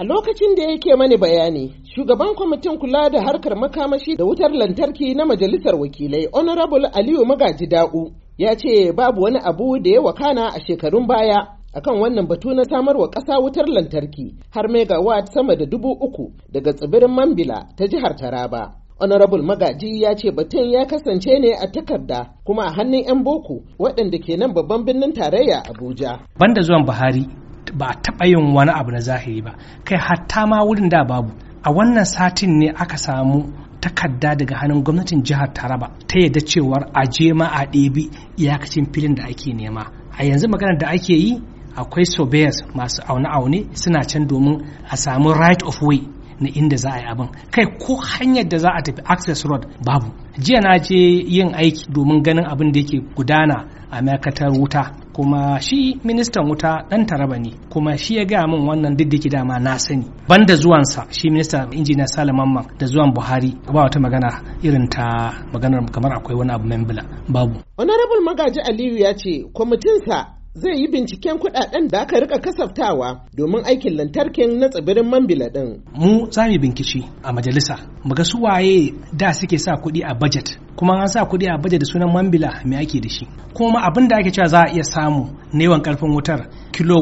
A lokacin da yake mani bayani, shugaban kwamitin kula da harkar makamashi da wutar lantarki na majalisar wakilai Honorable Aliyu Magaji Da'u ya ce babu wani abu da ya wakana a shekarun baya akan wannan batu na samarwa ƙasa wutar lantarki har megawatt sama da dubu uku daga tsibirin Mambila ta jihar Taraba. Honorable Magaji ya ce batun ya kasance ne a takarda kuma a hannun 'yan boko waɗanda ke nan babban birnin tarayya Abuja. Banda zuwan Buhari ba a taɓa yin wani abu na zahiri ba kai hatta ma wurin da babu a wannan satin ne aka samu takarda daga hannun gwamnatin jihar taraba ta yadda cewar a je ma a ɗebi iyakacin filin da ake nema a yanzu maganar da ake yi akwai sobeyas masu aune-aune suna can domin a samu right of way na inda za a yi abin kai ko hanyar da za a tafi access road babu jiya na je yin aiki domin ganin abin da yake gudana a ma'aikatar wuta kuma shi ministan wuta dan taraba ne kuma shi ya gaya min wannan diddiki dama na sani banda zuwansa shi minista injiniya Mamman da zuwan buhari ba wata magana irin ta maganar kamar akwai wani abu membila babu honorable magaji aliyu ya ce kwamitinsa zai yi binciken kudaden da aka rika kasaftawa domin aikin lantarkin na tsibirin mambila din. Mu za mu binkici a majalisa mu ga su waye da suke sa kuɗi a budget kuma an sa kuɗi a budget da sunan mambila me ake da shi kuma abin da ake cewa za a iya samu na yawan karfin wutar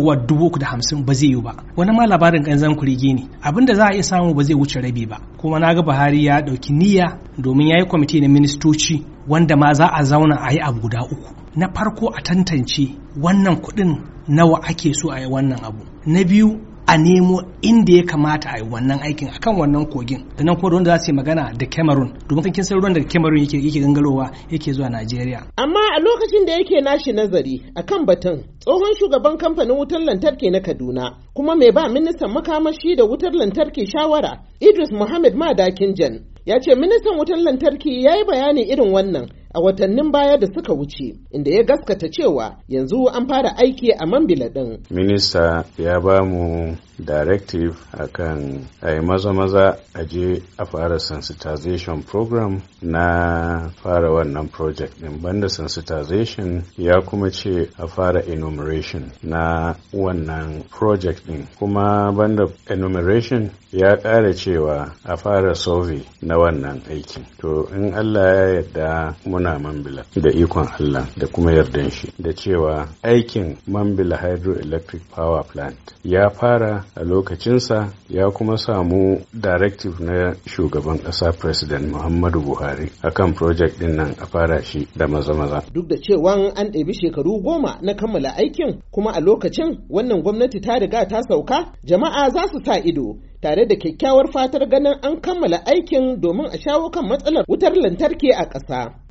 wa dubu uku da hamsin ba zai yi ba wani ma labarin ƙanzan kurege ne abin da za a iya samu ba zai wuce rabi ba kuma na ga buhari ya ɗauki niyya domin ya yi kwamiti na ministoci wanda ma za a zauna a yi abu guda uku na farko a tantance wannan kuɗin nawa ake so a yi wannan abu na biyu a nemo inda ya kamata a yi wannan aikin akan wannan kogin da nan kodon da za su yi magana da Cameroon domin kin san ruwan da Cameroon yake yake gangalowa yake zuwa Najeriya amma a lokacin da yake nashi nazari a kan batun tsohon shugaban kamfanin wutar lantarki na Kaduna kuma mai ba ministan makamashi da wutar lantarki shawara Idris Muhammad Madakin Jan ya ce ministan wutar lantarki ya yi bayani irin wannan a watannin baya da suka wuce inda ya gaskata cewa yanzu an fara aiki a mambila ɗin. Minista ya ba mu directive akan a yi maza-maza a je a fara sensitization program na fara wannan project ɗin banda sensitization ya kuma ce a fara enumeration na wannan project ɗin kuma banda enumeration ya ƙara cewa a fara survey na wannan aiki to in Allah ya yarda muna mambila da ikon Allah da kuma yardan shi da cewa aikin mambila hydroelectric power plant ya fara a lokacinsa ya kuma samu directive na shugaban ƙasa president Muhammadu Buhari akan project din nan a fara shi da maza-maza. Duk da cewa an ɗabi shekaru goma na kammala aikin kuma a lokacin wannan gwamnati ta riga ta sauka jama'a za su sa ido tare da kyakkyawar fatar ganin an kammala aikin domin a shawo kan matsalar wutar lantarki a ƙasa.